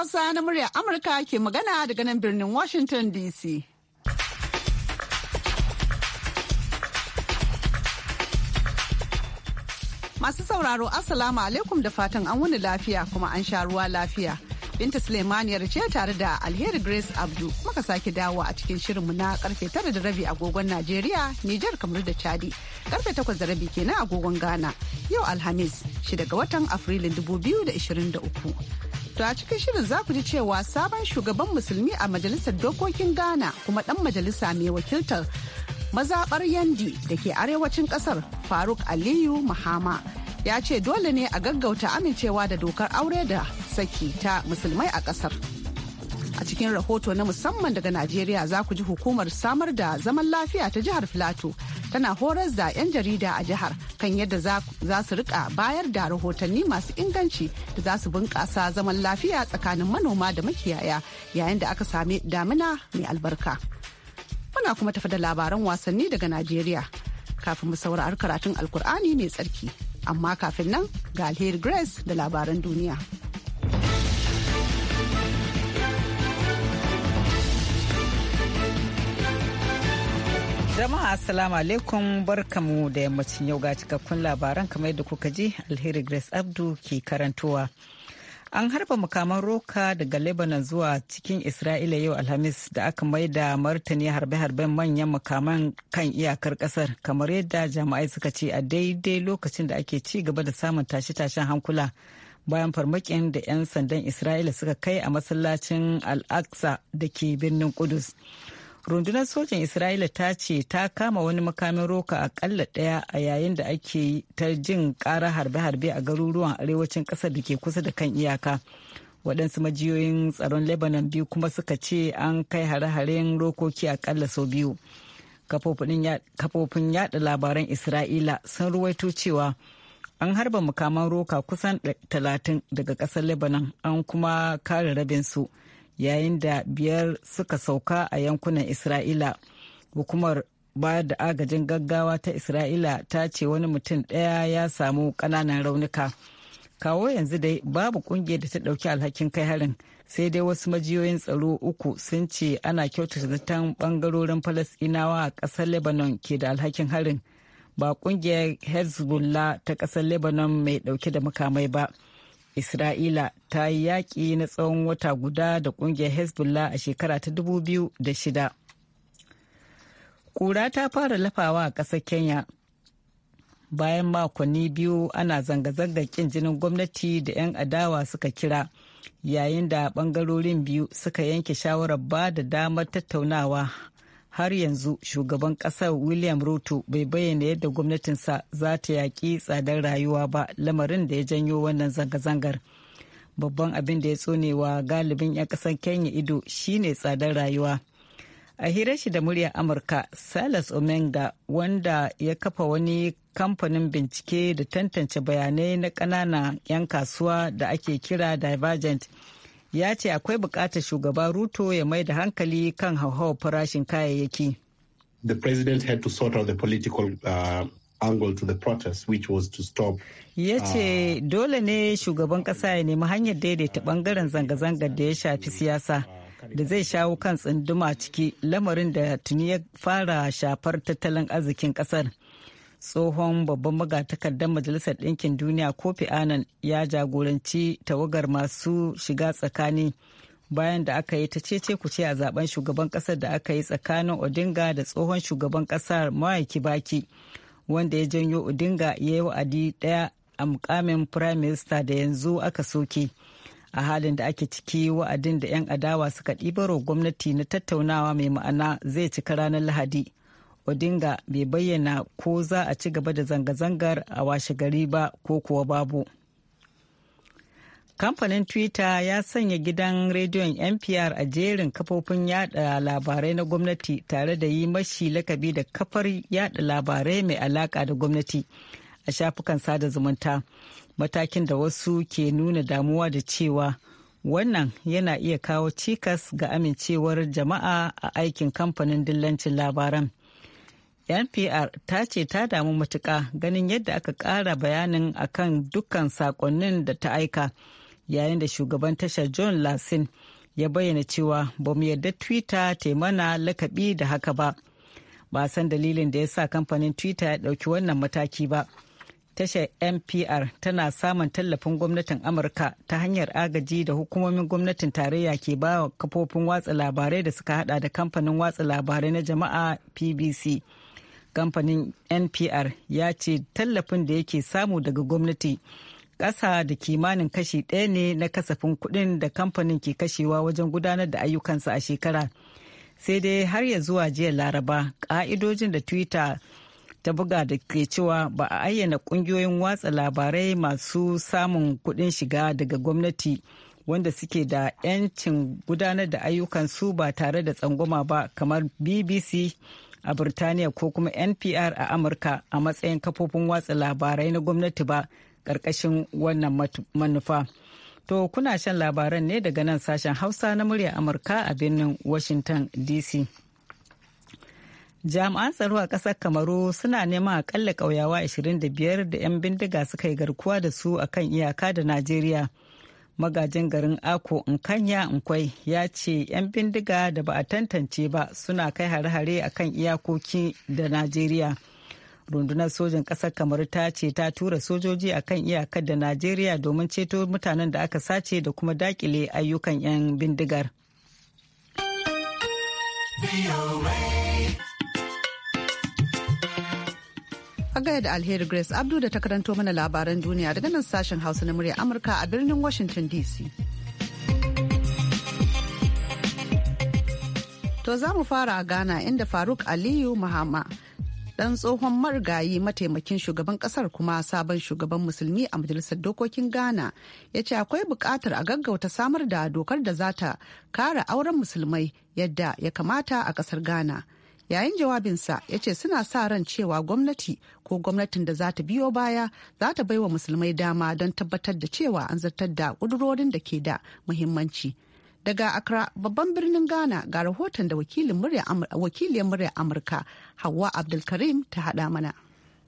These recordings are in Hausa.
Hausa na murya Amurka ke magana daga nan birnin Washington DC. Masu sauraro Assalamu alaikum da fatan an wani lafiya kuma an sha ruwa lafiya. Binta Suleimaniyar ce tare da Alheri Grace Abdu muka sake dawo a cikin shirinmu na karfe tara da rabi agogon Najeriya, Nijar kamar da Chadi. Karfe takwas da rabi kenan agogon Ghana. Yau Alhamis, shida ga watan Afrilun 2023. To cikin shirin za ku ji cewa sabon shugaban musulmi a majalisar dokokin Ghana kuma dan majalisa mai wakiltar mazaɓar Yandi da ke arewacin kasar Faruk Aliyu Mahama ya ce dole ne a gaggauta amincewa da dokar aure da saki ta musulmai a kasar A cikin rahoto na musamman daga Najeriya za ku ji hukumar samar da zaman lafiya ta jihar Filato tana horar da 'yan jarida a jihar kan yadda za su rika bayar da rahotanni masu inganci da za su bunƙasa zaman lafiya tsakanin manoma da makiyaya yayin da aka sami damina mai albarka. Muna kuma tafi da labaran wasanni daga Najeriya kafin mu saurari karatun Alkur'ani mai tsarki. Amma kafin nan ga Alheri Grace da labaran duniya. Jama'a Assalamu alaikum barkamu da yammacin yau ga cikakkun labaran kamar yadda kuka ji alheri Grace Abdu ke karantowa. An harba makaman roka daga Lebanon zuwa cikin Isra'ila yau Alhamis da aka mai da martani harbe-harben manyan makaman kan iyakar kasar kamar yadda jama'ai suka ce a daidai lokacin da ake ci gaba da samun tashe-tashen hankula bayan farmakin da 'yan sandan Isra'ila suka kai a masallacin Al-Aqsa da ke birnin Kudus. rundunar sojan isra'ila ta ce ta kama wani makamin roka akalla daya a yayin da ake ta jin kara harbe-harbe a garuruwan arewacin kasar da ke kusa da kan iyaka waɗansu majiyoyin tsaron lebanon biyu kuma suka ce an kai hare-haren rokoki akalla sau biyu kafofin yada labaran isra'ila sun ruwaito cewa an harba makaman roka kusan 30 daga ƙasar lebanon an kuma kare rabinsu su yayin da biyar suka sauka a yankunan isra'ila hukumar bayar da agajin gaggawa ta isra'ila ta ce wani mutum ɗaya ya samu ƙananan raunuka kawo yanzu dai babu kungiyar da ta ɗauki alhakin kai harin sai dai wasu majiyoyin tsaro uku sun ce ana kyautata zaton ɓangarorin falasɗinawa a ƙasar lebanon ke da alhakin harin ba kungiyar hezbollah ta ƙasar lebanon mai ɗauke da makamai ba. Isra'ila ta yi yaƙi na tsawon wata guda da ƙungiyar Hezbollah a shekara ta 2006. Kura ta fara lafawa a ƙasar Kenya bayan makonni biyu ana zanga-zangar ƙin jinin gwamnati da 'yan adawa suka kira yayin da ɓangarorin biyu suka yanke shawarar ba da damar tattaunawa har yanzu shugaban kasar william ruto bai bayyana yadda gwamnatinsa za ta yaƙi tsadar rayuwa ba lamarin da ya janyo wannan zanga-zangar babban abin da ya tsonewa galibin 'yan ƙasar kenya ido shine tsadar rayuwa a hirar shi da muryar amurka silas omenga wanda ya kafa wani kamfanin bincike da tantance bayanai na ƙananan 'yan kasuwa da ake kira divergent ya ce akwai bukatar shugaba ruto ya mai da hankali kan hauhawar farashin kayayyaki the president had to sort political uh, angle to protest which was to stop ya uh, ce dole ne shugaban kasa ya nemi hanyar daidaita bangaren zanga-zangar da ya shafi siyasa da zai shawo kan tsunduma ciki lamarin da tuni ya fara shafar tattalin arzikin kasar tsohon babban magatakardar majalisar ɗinkin duniya kofi anan ya jagoranci tawagar masu shiga tsakani bayan da aka yi ta cece kuce a zaben shugaban ƙasar da aka yi tsakanin odinga da tsohon shugaban ƙasar mawai kibaki wanda ya janyo odinga ya yi wa'adi ɗaya a mukamin prime minister da yanzu aka soke a halin da ake ciki wa'adin da 'yan adawa suka ɗibaro gwamnati na tattaunawa mai ma'ana zai cika ranar lahadi odinga bai bayyana ko za a ci gaba da zanga-zangar a washe gari ba ko kuwa babu kamfanin twitter ya sanya gidan rediyon npr a jerin kafofin yada labarai na gwamnati tare da yi mashi lakabi da kafar yada labarai mai alaka da gwamnati a shafukan sada zumunta matakin da wasu ke nuna damuwa da cewa wannan yana iya kawo cikas ga amincewar jama'a a aikin kamfanin dillancin labaran npr ta ce ta damu matuka ganin yadda aka ƙara bayanin akan dukkan sakonnin da ta aika yayin da shugaban tashar john lasin ya bayyana cewa ba mu yarda twitter ta mana lakabi da haka ba ba san dalilin da ya sa kamfanin twitter ya ɗauki wannan mataki ba tashar npr tana samun tallafin gwamnatin amurka ta hanyar agaji da hukumomin gwamnatin tarayya ke ba kafofin watsa labarai da suka hada da kamfanin watsa labarai na jama'a pbc kamfanin npr ya ce tallafin da yake samu daga gwamnati ƙasa da kimanin kashi ɗaya ne na kasafin kuɗin da kamfanin ke kashewa wajen gudanar da ayyukansa a shekara sai dai har ya zuwa jiya laraba ƙa'idojin da twitter ta buga da ke cewa ba a ayyana ƙungiyoyin watsa labarai masu samun kuɗin shiga daga gwamnati wanda suke da 'yancin gudanar da ayyukansu ba tare da tsangwama ba kamar bbc a birtaniya ko kuma NPR a Amurka a matsayin kafofin watsa labarai na gwamnati ba ƙarƙashin wannan manufa. To kuna shan labaran ne daga nan sashen Hausa na murya Amurka a birnin Washington DC. Jami'an tsaro a ƙasar Kamaru suna neman akalla ƙauyawa 25 da 'yan bindiga suka yi garkuwa da su akan iyaka da Najeriya. magajin garin ako nkanya nkwai ya ce 'yan bindiga da ba a tantance ba suna kai hare-hare a kan iyakoki da najeriya rundunar sojin ƙasar kamar ta ce ta tura sojoji a kan iyakar da najeriya domin ceto mutanen da aka sace da kuma dakile ayyukan 'yan bindigar. A gaya da Alheri Grace Abdu da ta karanto mana labaran duniya daga nan sashen Hausa na murya Amurka a birnin Washington DC. To za mu fara a Ghana inda Faruk Aliyu Mahama dan tsohon marigayi mataimakin shugaban kasar kuma sabon shugaban musulmi a majalisar dokokin ghana ya ce akwai bukatar a gaggauta samar da dokar da za ta kare auren musulmai yadda ya kamata a kasar ghana yayin jawabinsa ya ce suna sa ran cewa gwamnati ko gwamnatin da za ta biyo baya za ta baiwa musulmai dama don tabbatar da cewa an zartar da kudurorin da ke da muhimmanci daga accra babban birnin ghana ga rahoton da wakiliyar murya amurka hawa abdulkarim ta hada mana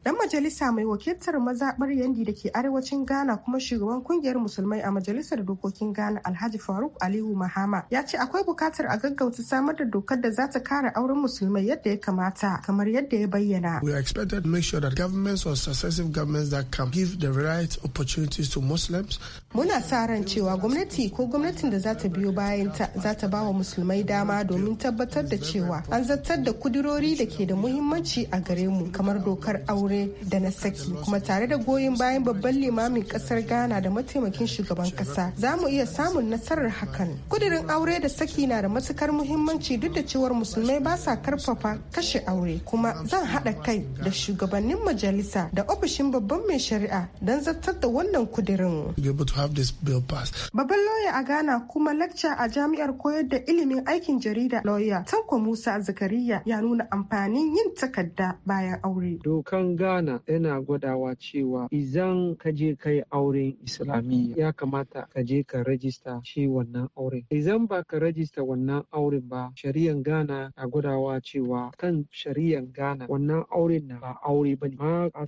Dan majalisa mai wakiltar mazaɓar yandi da ke arewacin Ghana kuma shugaban kungiyar musulmai a majalisar dokokin Ghana Alhaji Faruk Aliyu Mahama ya ce akwai bukatar a gaggauta samar da dokar da za ta kare auren musulmai yadda ya kamata kamar yadda ya bayyana. We are expected to make sure that governments or successive governments that can give the right opportunities to Muslims. Muna sa ran cewa gwamnati ko gwamnatin da za ta biyo bayan ta za ta ba wa musulmai dama domin tabbatar da cewa an zartar da kudurori da ke da muhimmanci a gare mu kamar dokar aure da na saki kuma tare da goyon bayan babban limamin kasar ghana da mataimakin shugaban kasa za mu iya samun nasarar hakan kudirin aure da saki na da matukar muhimmanci duk da cewar musulmai ba sa karfafa kashe aure kuma zan haɗa kai da shugabannin majalisa da ofishin babban mai shari'a don zartar da wannan kudirin babban lauya a ghana kuma lacca a jami'ar koyar da ilimin aikin jarida lauya tanko musa zakariya ya nuna amfanin yin takarda bayan aure Ghana yana gwadawa cewa izan ka je kai auren Islamiyya ya kamata ka je ka rajista shi wannan auren. Izan ba ka rajista wannan auren ba shari'an Gana a gwadawa cewa kan shari'an Gana. wannan auren na ba aure ba ne. Ma a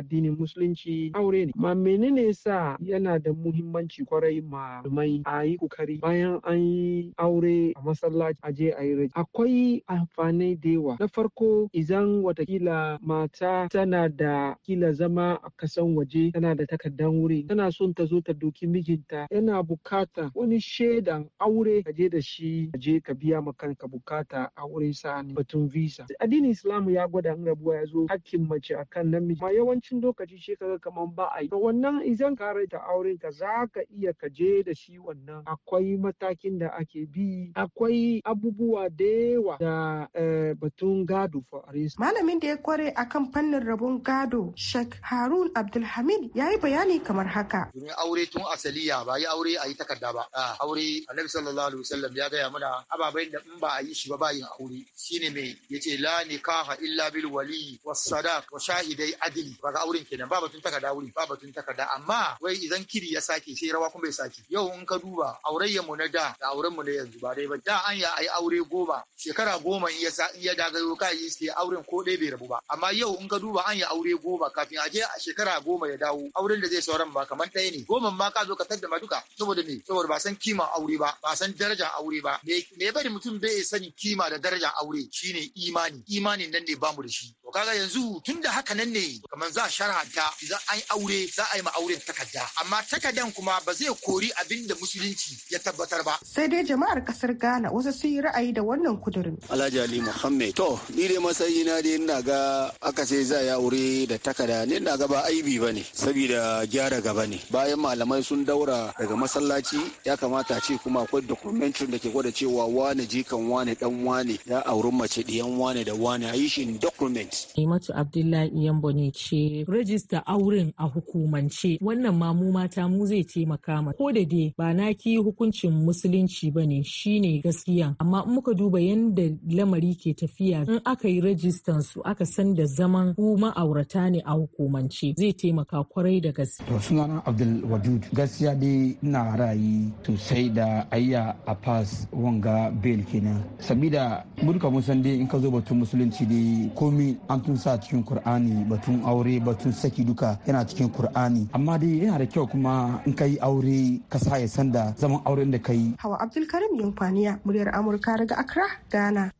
addinin musulunci aure ne. Ma menene sa yana da muhimmanci kwarai ma mai a yi kokari bayan an yi aure a masallaci a je a yi Akwai amfani da yawa. Na farko izan watakila mata tana da kila zama a kasan waje tana da takardan wuri tana son ta zo ta doki mijinta yana bukata wani shaidan aure ka je da shi ka je ka biya ma kanka bukata aure sani batun visa addinin Islam ya gwada an rabuwa ya zo hakkin mace akan namiji ma yawancin lokaci shi kaga kaman ba a yi to wannan idan ka raita auren ka za ka iya ka je da shi wannan akwai matakin da ake bi akwai abubuwa da yawa da eh, batun gado for Malamin da ya kware akan fannin wannan rabon gado Sheikh Harun Abdulhamid ya yi bayani kamar haka. Domin aure tun asaliya ba yi aure a yi takarda ba. Ah, aure Annabi sallallahu alaihi wasallam ya gaya mana ababai da in ba a yi shi ba ba yin aure. Shine mai yace la nikaha illa bil wali was sadaq wa shahidai adli. Baga auren kenan ba batun takarda wuri ba batun takarda amma wai idan kiri ya sake sai rawa kuma bai sake. Yau in ka duba aurayya mu na da da auren mu na yanzu ba dai ba da an ya ayi aure goma shekara goma in ya dagayo kai sai auren ko dai bai rabu ba amma yau ka duba an yi aure goma kafin a a shekara goma ya dawo auren da zai sauran ba kamar ɗaya ne goma ma ka zo ka tadda ma duka saboda me saboda ba san kima aure ba ba san daraja aure ba me ya bari mutum bai sani kima da daraja aure shine imani imani nan ne bamu da shi to kaga yanzu tunda haka nan ne kamar za a da, za a yi aure za a yi ma auren takarda amma takardan kuma ba zai kori abin da musulunci ya tabbatar ba sai dai jama'ar kasar Ghana wasu sun yi ra'ayi da wannan kudurin Alhaji Ali Muhammad to ni dai masayi na dai ina ga aka ce Zai za ya aure da takada ne na gaba aibi ba ne saboda gyara gaba ne bayan malamai sun daura daga masallaci ya kamata ce kuma akwai documentary da ke gwada cewa wane jikan wane dan wane ya auri mace diyan wane da wane a yi shi document. Imatu Abdullahi Yambo ne ce rajista auren a hukumance wannan ma mu mata mu zai taimaka ma ko da dai ba na ki hukuncin musulunci ba ne shine gaskiya amma in muka duba yadda lamari ke tafiya in aka yi rajistan su aka san da zaman ku ma'aurata ne a hukumance zai taimaka kwarai da gaske. To sunana Abdul Wadud gaskiya dai ina rayi sosai da ayya a pass wanga bail kenan. Sabida burka mun san dai in ka zo batun musulunci ne komi an tun sa cikin Kur'ani batun aure batun saki duka yana cikin Kur'ani amma dai yana da kyau kuma in kai aure ka sa ya san da zaman auren da kai. Hawa Abdulkarim Yankwaniya muryar Amurka daga Accra Ghana.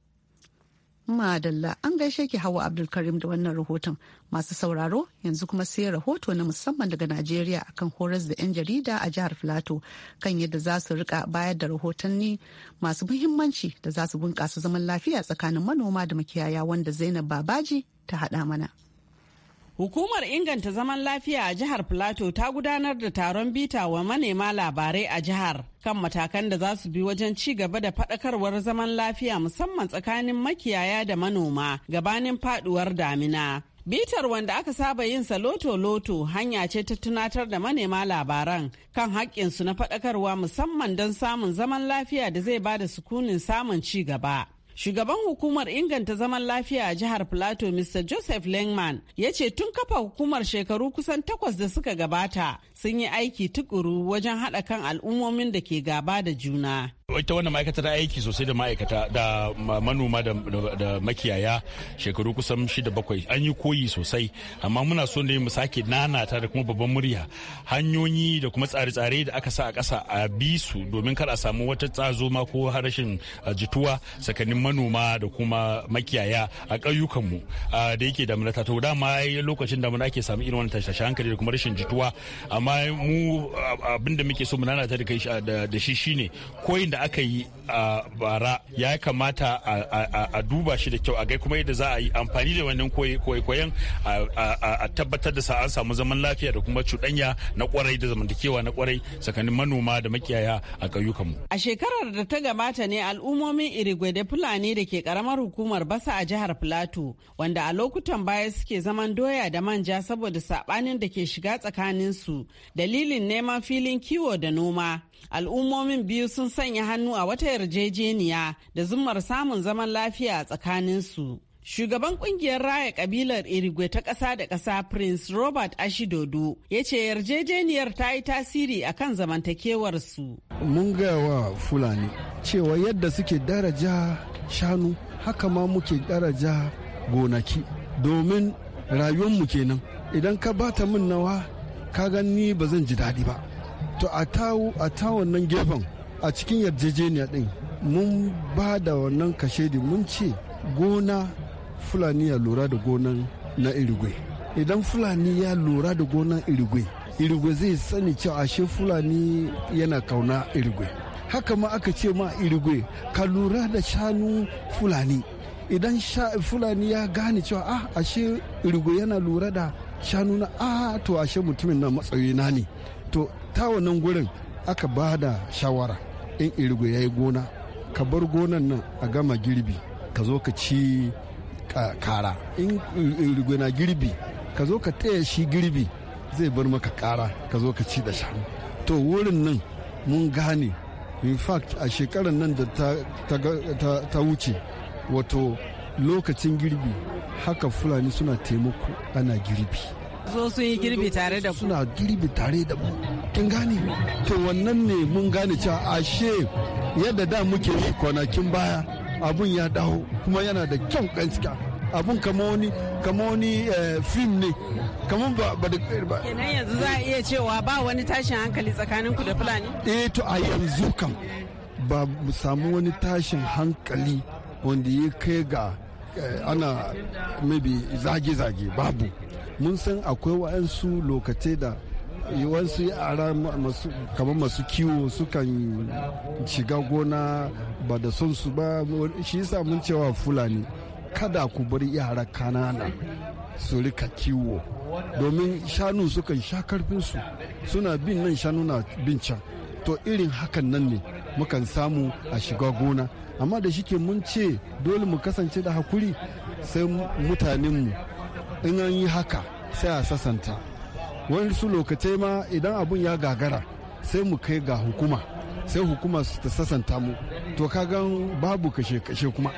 Madalla an gaishe ki Hawa Abdulkarim da wannan rahoton. Masu sauraro yanzu kuma sai rahoto na musamman daga Najeriya akan horas da 'yan jarida a jihar Filato kan yadda za su rika bayar da rahotanni masu muhimmanci da za su bunƙasa zaman lafiya tsakanin manoma da makiyaya wanda Zainab Babaji ta haɗa mana. Hukumar inganta zaman lafiya a jihar Filato ta gudanar da taron bita wa manema labarai a jihar kan matakan da za su bi wajen ci gaba da faɗakarwar zaman lafiya musamman tsakanin makiyaya da manoma gabanin faduwar damina. Bitar wanda aka saba yin sa loto-loto hanya ce ta tunatar da manema labaran kan haƙƙinsu na faɗakarwa musamman don samun zaman lafiya da zai bada da sukunin samun ci gaba. Shugaban hukumar inganta zaman lafiya a jihar Plateau Mr. Joseph Langman ya ce tun kafa hukumar shekaru kusan takwas da suka gabata sun yi aiki tukuru wajen haɗa kan al'ummomin da ke gaba da juna. ita wannan ma'aikata ta aiki sosai da ma'aikata da manoma da makiyaya shekaru kusan shida bakwai an yi koyi sosai amma muna so ne mu sake nanata da kuma babban murya hanyoyi da kuma tsare-tsare da aka sa a ƙasa a bi su domin kar a samu wata tsazoma ko harashin jituwa tsakanin manoma da kuma makiyaya a ƙauyukanmu da yake da mulata to dama lokacin muna ake samu irin wannan tashe hankali da kuma rashin jituwa amma mu abinda muke so mu nanata da shi shine koyin da da aka yi a bara ya kamata a duba shi da kyau a gai kuma yadda za a yi amfani da wannan koyen a tabbatar da sa an samu zaman lafiya da kuma cuɗanya na kwarai da zamantakewa na kwarai tsakanin manoma da makiyaya a mu. A shekarar da ta gabata ne al'ummomin Irigwe da Fulani da ke karamar hukumar Basa a jihar Filato wanda a lokutan baya suke zaman doya da manja saboda saɓanin da ke shiga tsakaninsu dalilin neman filin kiwo da noma Al'ummomin biyu sun sanya hannu a wata yarjejeniya da zummar samun zaman lafiya a tsakaninsu. Shugaban kungiyar raya kabilar Irigwe ta ƙasa da ƙasa Prince Robert Ashidodo ya ce yarjejeniyar ta yi tasiri a kan zamantakewarsu. Mun gaya wa Fulani cewa yadda suke daraja shanu haka ma muke daraja gonaki domin rayuwarmu kenan idan ka bata min nawa ka gan ni ba zan ji daɗi ba to a a ta nan gefen a cikin yarjejeniya din mun ba da wannan di mun ce gona fulani ya lura da gonan na irigwe idan fulani ya lura da gonan irigwe irigwe zai sani cewa ashe fulani yana kauna irigwe haka ma aka ce ma irigwe ka lura da shanu fulani idan fulani ya gane cewa ah ashe irigwe yana lura da shanu na ah to ashe mutumin na matsayi na ne to ta wannan gurin aka ba da shawara in irigo ya yi gona ka bar gonan nan a gama girbi ka zo ka ci kara in irigo na girbi ka zo ka taya shi girbi zai bar maka kara ka zo ka ci da shanu to wurin nan mun gane in fact a shekarar nan da ta wuce wato lokacin girbi haka fulani suna taimako ana girbi zo sun yi girbi tare da suna girbi tare da mu kin gane to wannan ne mun gane cewa ashe yadda da muke yi kwanakin baya abun ya dawo kuma yana da kyau gaskiya abun kama wani kama wani eh, fim ne kama ba ba da ba kenan yanzu za a iya cewa ba wani tashin hankali tsakanin ku da fulani eh to a yanzu kam ba mu samu wani tashin hankali wanda ya kai ga eh, ana maybe zage-zage babu mun san akwai wa'ansu lokacin da wasu yara kamar masu kiwo sukan shiga gona ba da son su ba shi yasa mun cewa fulani kada ku bar yara kanana su rika kiwo domin shanu sukan sha su suna bin nan shanu na bin can to irin hakan nan ne mukan samu a shiga gona amma da shike mun ce dole mu kasance da hakuri sai mutanenmu in an yi haka sai a sasanta wani su lokacai ma idan abun ya gagara sai mu kai ga hukuma sai hukuma su ta sasanta mu to ka gan babu kashe kashe kuma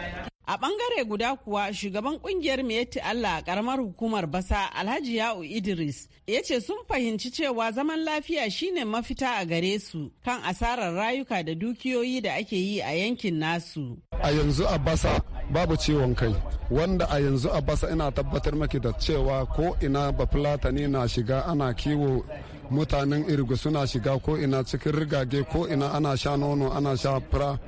a bangare guda kuwa shugaban kungiyar miyatti allah a karamar hukumar basa alhaji ya'u idris ya ce sun fahimci cewa zaman lafiya shine mafita a gare su kan asarar rayuka da dukiyoyi da ake yi a yankin nasu a yanzu a basa babu ciwon kai wanda a yanzu a basa ina tabbatar maki da cewa ko ina ba fulatani na shiga ana kiwo mutanen irgu suna shiga ko ina cikin rigage ko ina ana sha nono ana sha fura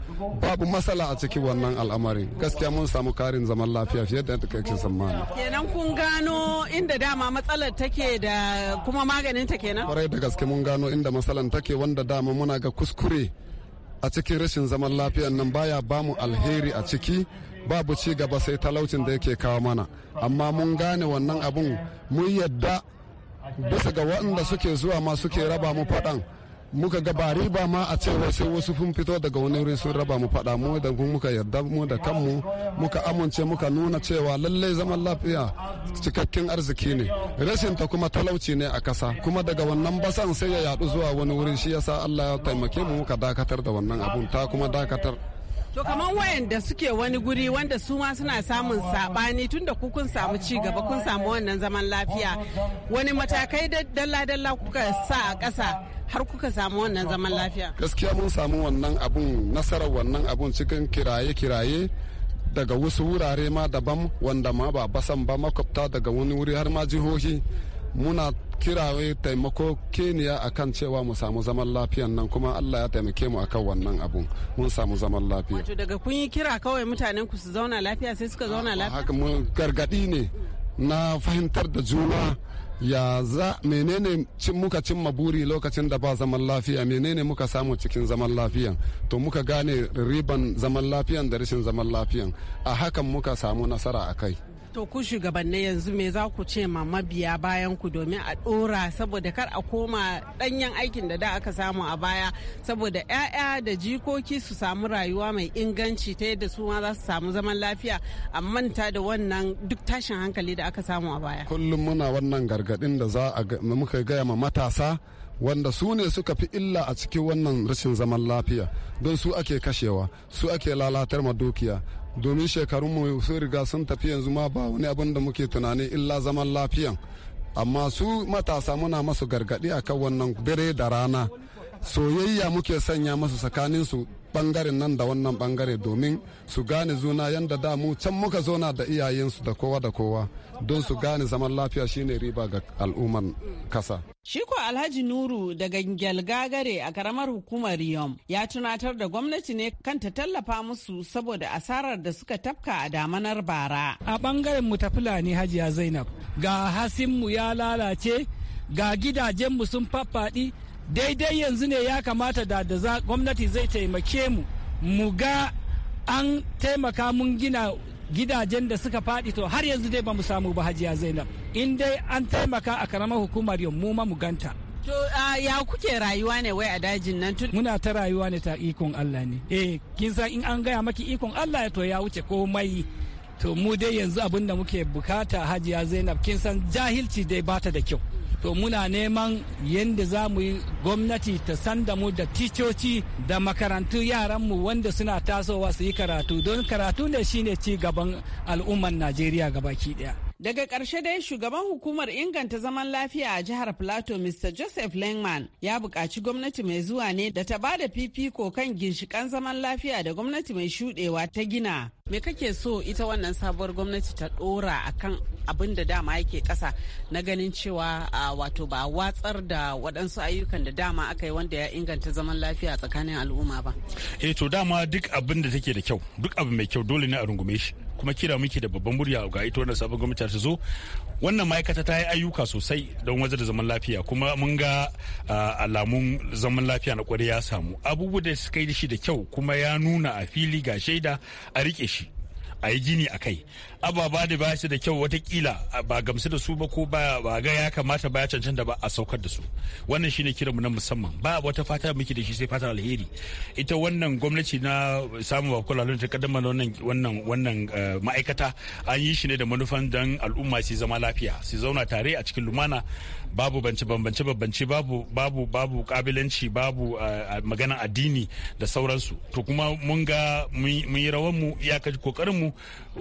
babu matsala a cikin wannan al'amari gaskiya mun samu karin zaman lafiya fiye da kake tsammani kenan kun gano inda dama matsalar take da kuma maganin ta kenan kwarai da gaske mun gano inda matsalar take wanda dama muna ga kuskure a cikin rashin zaman lafiyan nan baya bamu alheri a ciki babu ci gaba sai talaucin da yake kawo mana amma mun gane wannan abun mun yadda bisa ga waɗanda suke zuwa ma suke raba mu faɗan muka ga ba riba ma a cewa sai wasu sun fito daga wani wuri sun raba mu faɗa mu da muka yarda mu da kanmu muka amince muka nuna cewa lallai zaman lafiya cikakken arziki ne rashin ta kuma talauci ne a kasa kuma daga wannan basan sai ya yadu zuwa wani wuri shi yasa Allah ya taimake mu muka dakatar da wannan abun ta kuma dakatar To kamar wayanda suke wani guri wanda su ma suna samun sabani tunda ku kun samu ci gaba kun samu wannan zaman lafiya wani matakai da dalla-dalla kuka sa a ƙasa har kuka samu wannan zaman lafiya. Gaskiya mun samu wannan abun nasarar wannan abun cikin kiraye-kiraye daga wasu wurare ma daban wanda ma ba basan ba makwabta daga wani wuri har ma jihohi muna kirawai taimako keniya akan cewa mu samu zaman lafiyan nan kuma Allah ya taimake mu akan wannan abun mun samu zaman lafiya wato daga kun yi kira kawai mutanen ku su zauna lafiya sai suka zauna lafiya haka mun gargadi ne na fahimtar da juna ya za menene cin muka cimma buri lokacin da ba zaman lafiya menene muka samu cikin zaman lafiya to muka gane riban zaman lafiyan da rashin zaman lafiyan a hakan muka samu nasara a kai To ku shugabanni yanzu me za ku ce ma mabiya bayan ku domin a ɗora saboda kar a koma ɗanyen aikin da da aka samu a baya saboda 'ya'ya da jikoki su samu rayuwa mai inganci ta yadda su ma za su samu zaman lafiya a manta da wannan duk tashin hankali da aka samu a baya. Kullum muna wannan gargaɗin da za a muka gaya ma matasa wanda su ne suka fi illa a cikin wannan rashin zaman lafiya don su ake kashewa su ake lalatar ma dukiya domin shekarunmu sun riga sun tafi yanzu ma ba wani abin da muke tunani illa zaman lafiyan amma su matasa muna masu gargaɗi akan wannan bere da rana soyayya muke sanya masu tsakaninsu bangaren nan da wannan bangare domin su gane zuna yadda da mu can muka zauna da iyayensu da kowa da kowa don su gane zaman lafiya shine riba ga al'ummar kasa. Shiko Alhaji Nuru daga Gyalgagare a karamar hukumar Riyom ya tunatar da gwamnati ne kan ta tallafa musu saboda asarar da suka tafka a damanar bara. A bangaren mu ta Fulani Hajiya Zainab ga hasinmu ya lalace ga gidajenmu sun faffaɗi daidai yanzu ne ya kamata da da gwamnati zai taimake mu mu ga an taimaka mun gina gidajen da suka faɗi to har yanzu dai ba mu samu ba hajiya zainab in dai an taimaka a karamar hukumar mu ma mu ganta To ya kuke rayuwa ne wai a dajin nan tun? Muna ta rayuwa ne ta ikon Allah ne. Eh, kin san in an gaya maki ikon Allah to ya wuce komai. To mu dai yanzu abin da muke bukata Hajiya Zainab kin san jahilci dai bata da kyau. to muna neman yadda za mu yi gwamnati ta sanda mu da ticoci da makarantu yaranmu wanda suna tasowa su yi karatu don karatu ne shine ci gaban al'umman najeriya gabaki daya Daga karshe dai shugaban hukumar inganta zaman lafiya a jihar Plateau Mr. Joseph Langman ya bukaci gwamnati mai zuwa ne da ta bada fifiko kan ginshikan zaman lafiya da gwamnati mai shuɗewa ta gina. Me kake so ita wannan sabuwar gwamnati ta ɗora a kan abin da dama yake ƙasa na ganin cewa wato ba watsar da waɗansu ayyukan da dama aka yi wanda ya inganta zaman lafiya tsakanin al'umma ba. Eh to dama duk abin da take da kyau duk abu mai kyau dole ne a rungume shi. kuma kira muke da babban murya ga ita wannan sabon gwamnati ta zo wannan ma'aikata ta yi ayyuka sosai don wajen da zaman lafiya kuma mun ga alamun zaman lafiya na kwarai ya samu abubuwa da suka yi da shi da kyau kuma ya nuna a fili ga shaida a rike shi a yi gini a kai ababa ne ba shi da kyau kila ba gamsu da su ba ko ba ga ya kamata ba ya cancanta ba a saukar da su wannan shine kiranmu na musamman ba wata fata muke da shi sai fata alheri ita wannan gwamnati na samun ba kula ta kaddama wannan wannan wannan eh, ma'aikata an yi shi ne da manufan dan al'umma su zama lafiya su zauna tare a cikin lumana babu bance bambance bambance babu babu babu kabilanci babu eh, maganan addini da sauransu to kuma mun ga mun yi rawan mu iyakar kokarin mu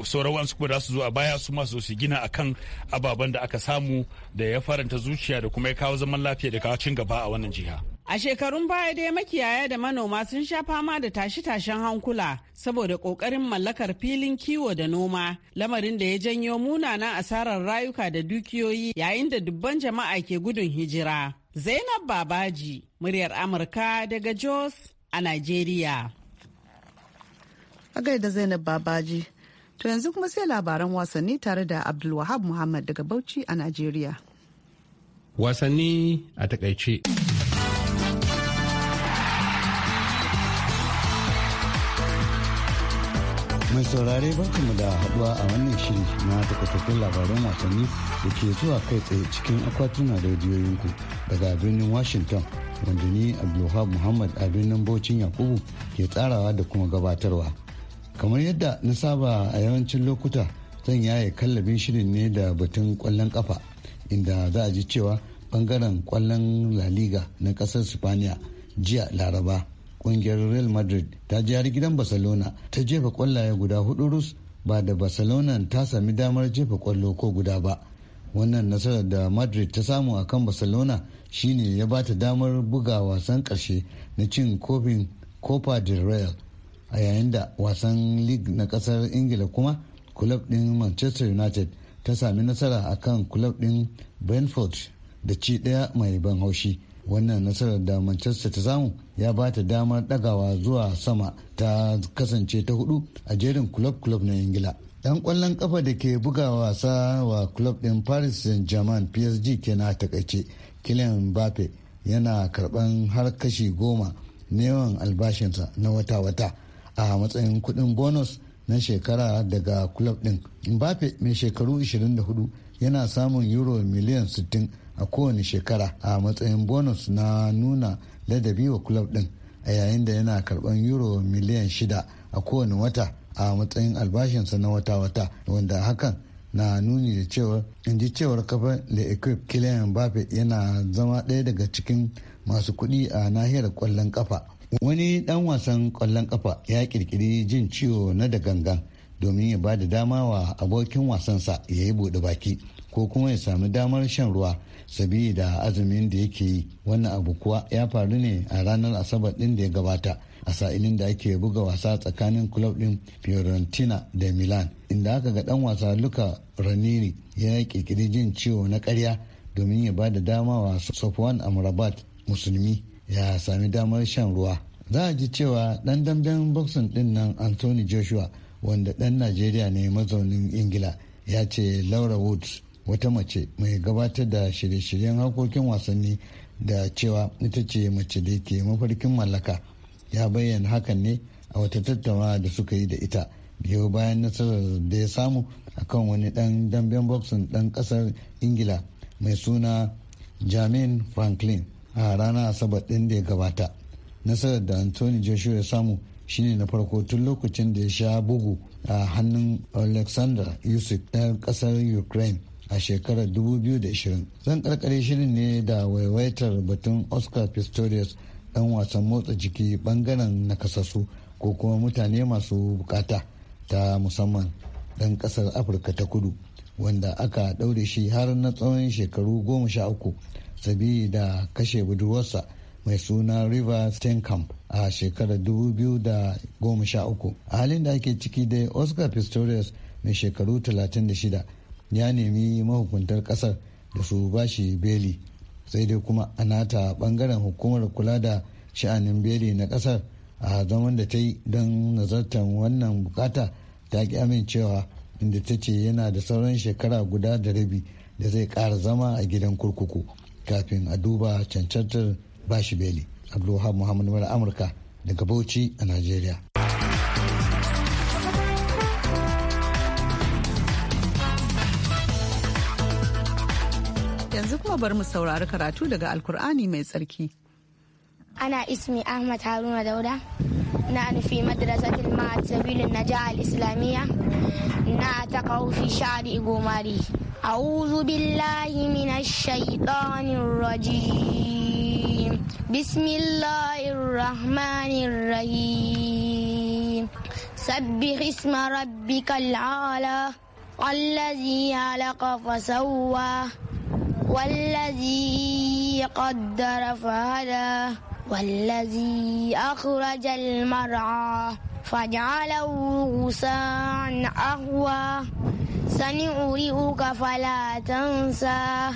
sauran su za su zo a baya su masu su gina a kan ababen da aka samu da ya faranta zuciya da kuma ya kawo zaman lafiya da kawo cin gaba a wannan jiha. A shekarun baya dai makiyaya da manoma sun sha fama da tashi-tashen hankula saboda ƙoƙarin mallakar filin kiwo da noma, lamarin da ya janyo munanan asarar rayuka da dukiyoyi yayin da dubban jama'a ke gudun hijira. Zainab Babaji, muryar Amurka daga Jos a Najeriya. A gaida Zainab Babaji. To yanzu kuma sai labaran wasanni tare da Abdulwahab Muhammad daga Bauchi a Najeriya. Wasanni a takaice. mai saurare barkamu da haduwa a wannan shiri na takaitattun labaran wasanni da ke zuwa kai tsaye cikin akwatuna rediyoyinku daga birnin washington wanda ni abdulwahab muhammad a birnin baucin yakubu ke tsarawa da kuma gabatarwa kamar yadda na saba a yawancin lokuta zan yaye kallabin shirin ne da batun kwallon kafa inda za a ji cewa bangaren kwallon la liga na kasar spaniya jiya laraba kungiyar real madrid ta jihar gidan barcelona ta jefa kwallaye guda hudu rus ba da barcelona ta sami damar jefa kwallo ko guda ba wannan nasarar da madrid ta samu a kan barcelona shine ya ba ta damar buga wasan karshe na cin kofin copa del real a yayin da wasan lig na kasar ingila kuma club din manchester united ta sami nasara a kan club din brentford da ci daya mai ban haushi wannan nasarar da manchester ta samu ya ba ta damar dagawa zuwa sama ta kasance ta hudu a jerin club-club na ingila dan kwallon kafa da ke buga wasa wa club din paris saint-germain psg kenan a takaice kylian mbappe yana karban har kashi goma neman albashinsa na wata-wata a matsayin kuɗin bonus na shekara daga club ɗin mbappe mai shekaru 24 yana samun euro miliyan 60 a kowane shekara a matsayin bonus na nuna ladabi wa club ɗin a yayin da yana karɓar euro miliyan 6 a kowane wata a matsayin albashinsa na wata-wata wanda hakan na nuni da cewar ji cewar kafar da equipe" kilian mbappe yana zama ɗaya daga cikin masu kuɗi a nahiyar ƙwallon ƙafa wani dan wasan kwallon kafa ya kirkiri jin ciwo na da gangan domin ya ba da dama wa abokin wasansa ya yi bude baki ko kuma ya sami damar shan ruwa sabida azumin da yake yi wannan abu kuwa ya faru ne a ranar asabar din da ya gabata a sa'ilin da ake buga wasa tsakanin club din fiorentina da milan inda aka ga dan wasa luka raniri ya kirkiri jin ciwo na karya domin ya ba da dama wa sofwan amrabat musulmi ya sami damar shan ruwa za a ji cewa dan damben boxing din nan anthony joshua wanda dan najeriya ne mazaunin ingila ya ce laura woods wata mace mai gabatar da shirye-shiryen harkokin wasanni da cewa ita ce mace da ke mafarkin mallaka ya bayyana hakan ne a wata tattawa da suka yi da ita biyo bayan nasarar da ya samu a kan wani dan damben boxing dan kasar ingila mai suna jamin franklin a ranar asabar ɗin da ya gabata nasarar da anthony joshua ya samu shine na farko tun lokacin da ya sha bugu a hannun alexander yusuf ɗan ƙasar ukraine a shekarar 2020 zan karkare shirin ne da waiwaitar batun oscar pistorius ɗan wasan motsa jiki ɓangaren nakasassu ko kuma mutane masu bukata ta musamman ɗan ƙasar afirka ta kudu wanda aka ɗaure shi har na tsawon shekaru goma sha uku sabi da kashe budurwarsa mai suna river steenkamp a shekarar 2013 a halin da ake ciki dai oscar pistorius mai shekaru 36 ya nemi mahukuntar kasar da su bashi beli sai dai kuma a nata bangaren hukumar kula da sha'anin beli na kasar a zaman da ta yi don nazartar wannan bukata ta ki amincewa inda ta ce yana da sauran shekara guda da rabi da zai kara zama a gidan kurkuku kafin a duba cancantar bashi beli abdulwahab muhammad wani amurka daga bauchi a nigeria. yanzu kuma bar mu saurari karatu daga alkur'ani mai tsarki ana ismi ahmad haruna dauda na nufi madrasatul ma'ad sabilin naja al-islamiyya نعتقه في شعر قمري أعوذ بالله من الشيطان الرجيم بسم الله الرحمن الرحيم سبح اسم ربك العالى الذي علق فسوى والذي قدر فهدى والذي أخرج المرعى فجعله غثاء أهوى أغوى فلا تنسى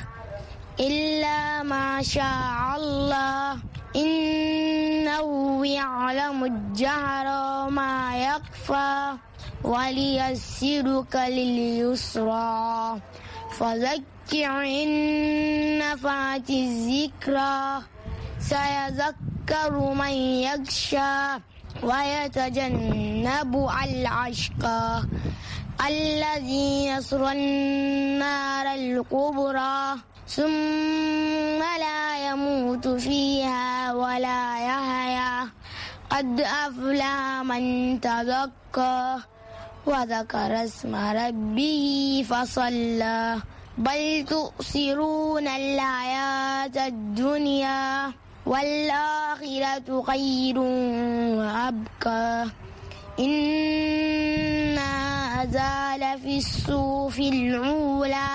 إلا ما شاء الله إنه يعلم الجهر وما يخفى وليسرك لليسرى فذكر إن نفعت الذكرى سيذكر من يخشى ويتجنب العشقى الذي يصر النار الكبرى ثم لا يموت فيها ولا يحيا قد أفلى من تزكى وذكر اسم ربه فصلى بل تؤثرون الحياة الدنيا والآخرة خير وأبقى إن هذا لفي الصوف العولى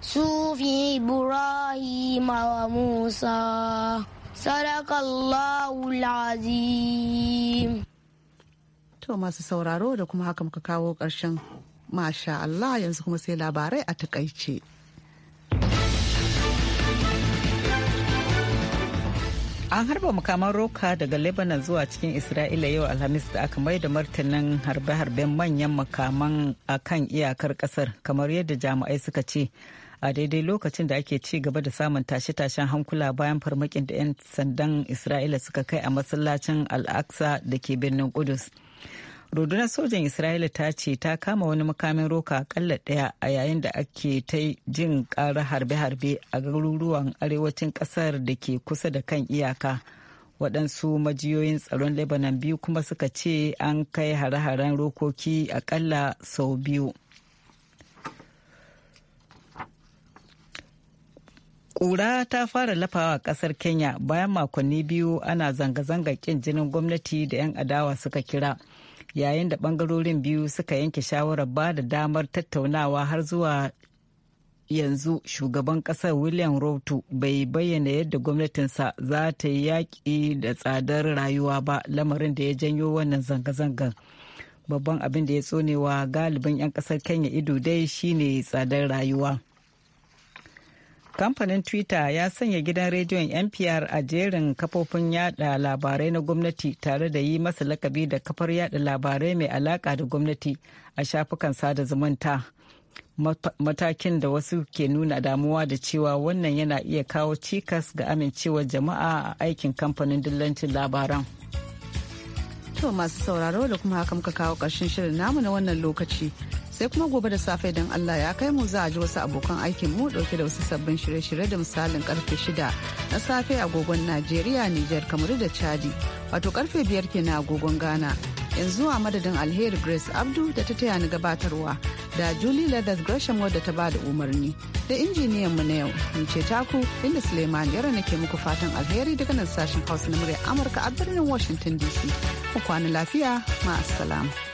صوف إبراهيم وموسى صدق الله العظيم To masu sauraro da kuma haka muka kawo ƙarshen masha Allah yanzu kuma sai labarai a takaice. an harba makaman roka daga lebanon zuwa cikin isra'ila yau alhamis da aka mai da martanin harbe-harben manyan makaman a kan iyakar kasar kamar yadda jami'ai suka ce a daidai lokacin da ake ci gaba da samun tashe-tashen hankula bayan farmakin da 'yan sandan isra'ila suka kai a masallacin al-aqsa da ke birnin kudus rundunar sojan isra'ila ta ce ta kama wani makamin roka akalla daya a yayin da ake ta jin ƙara harbe-harbe a garuruwan arewacin ƙasar da ke kusa da kan iyaka waɗansu majiyoyin tsaron lebanon biyu kuma suka ce an kai hare-haren rokoki akalla sau biyu Ƙura ta fara lafawa ƙasar Kenya bayan makonni biyu ana zanga-zanga ƙin jinin gwamnati da 'yan adawa suka kira. yayin da bangarorin biyu suka yanke shawarar ba da damar tattaunawa har zuwa yanzu shugaban kasar william ruto bai bayyana yadda gwamnatinsa za ta yi yaƙi da tsadar rayuwa ba lamarin da ya janyo wannan zanga-zangar babban abin da ya tsonewa galibin 'yan kasar kenya ido dai shine tsadar rayuwa kamfanin twitter ya sanya gidan rediyon npr a jerin kafofin yada labarai na gwamnati tare da yi masa lakabi da kafar yada labarai mai alaka da gwamnati a shafukan sada zumunta matakin da wasu ke nuna damuwa da cewa wannan yana iya kawo cikas ga amincewar jama'a a aikin kamfanin dillancin labaran to masu sauraro da kuma haka muka kawo ƙarshen shirin namu na wannan lokaci sai kuma gobe da safe don Allah ya kai mu za a ji wasu abokan aikin mu dauke da wasu sabbin shirye-shirye da misalin karfe shida na safe agogon Najeriya, Nijar, kamar da Chadi, wato karfe biyar na agogon Ghana. Yanzu a madadin Alheri Grace Abdu da ta taya ni gabatarwa da Julie Leathers Gresham wadda ta ba da umarni da injiniyan mu na yau ni ce taku inda Suleiman yara nake muku fatan alheri daga nan sashen Hausa na murya Amurka a birnin Washington DC. Ku kwana lafiya ma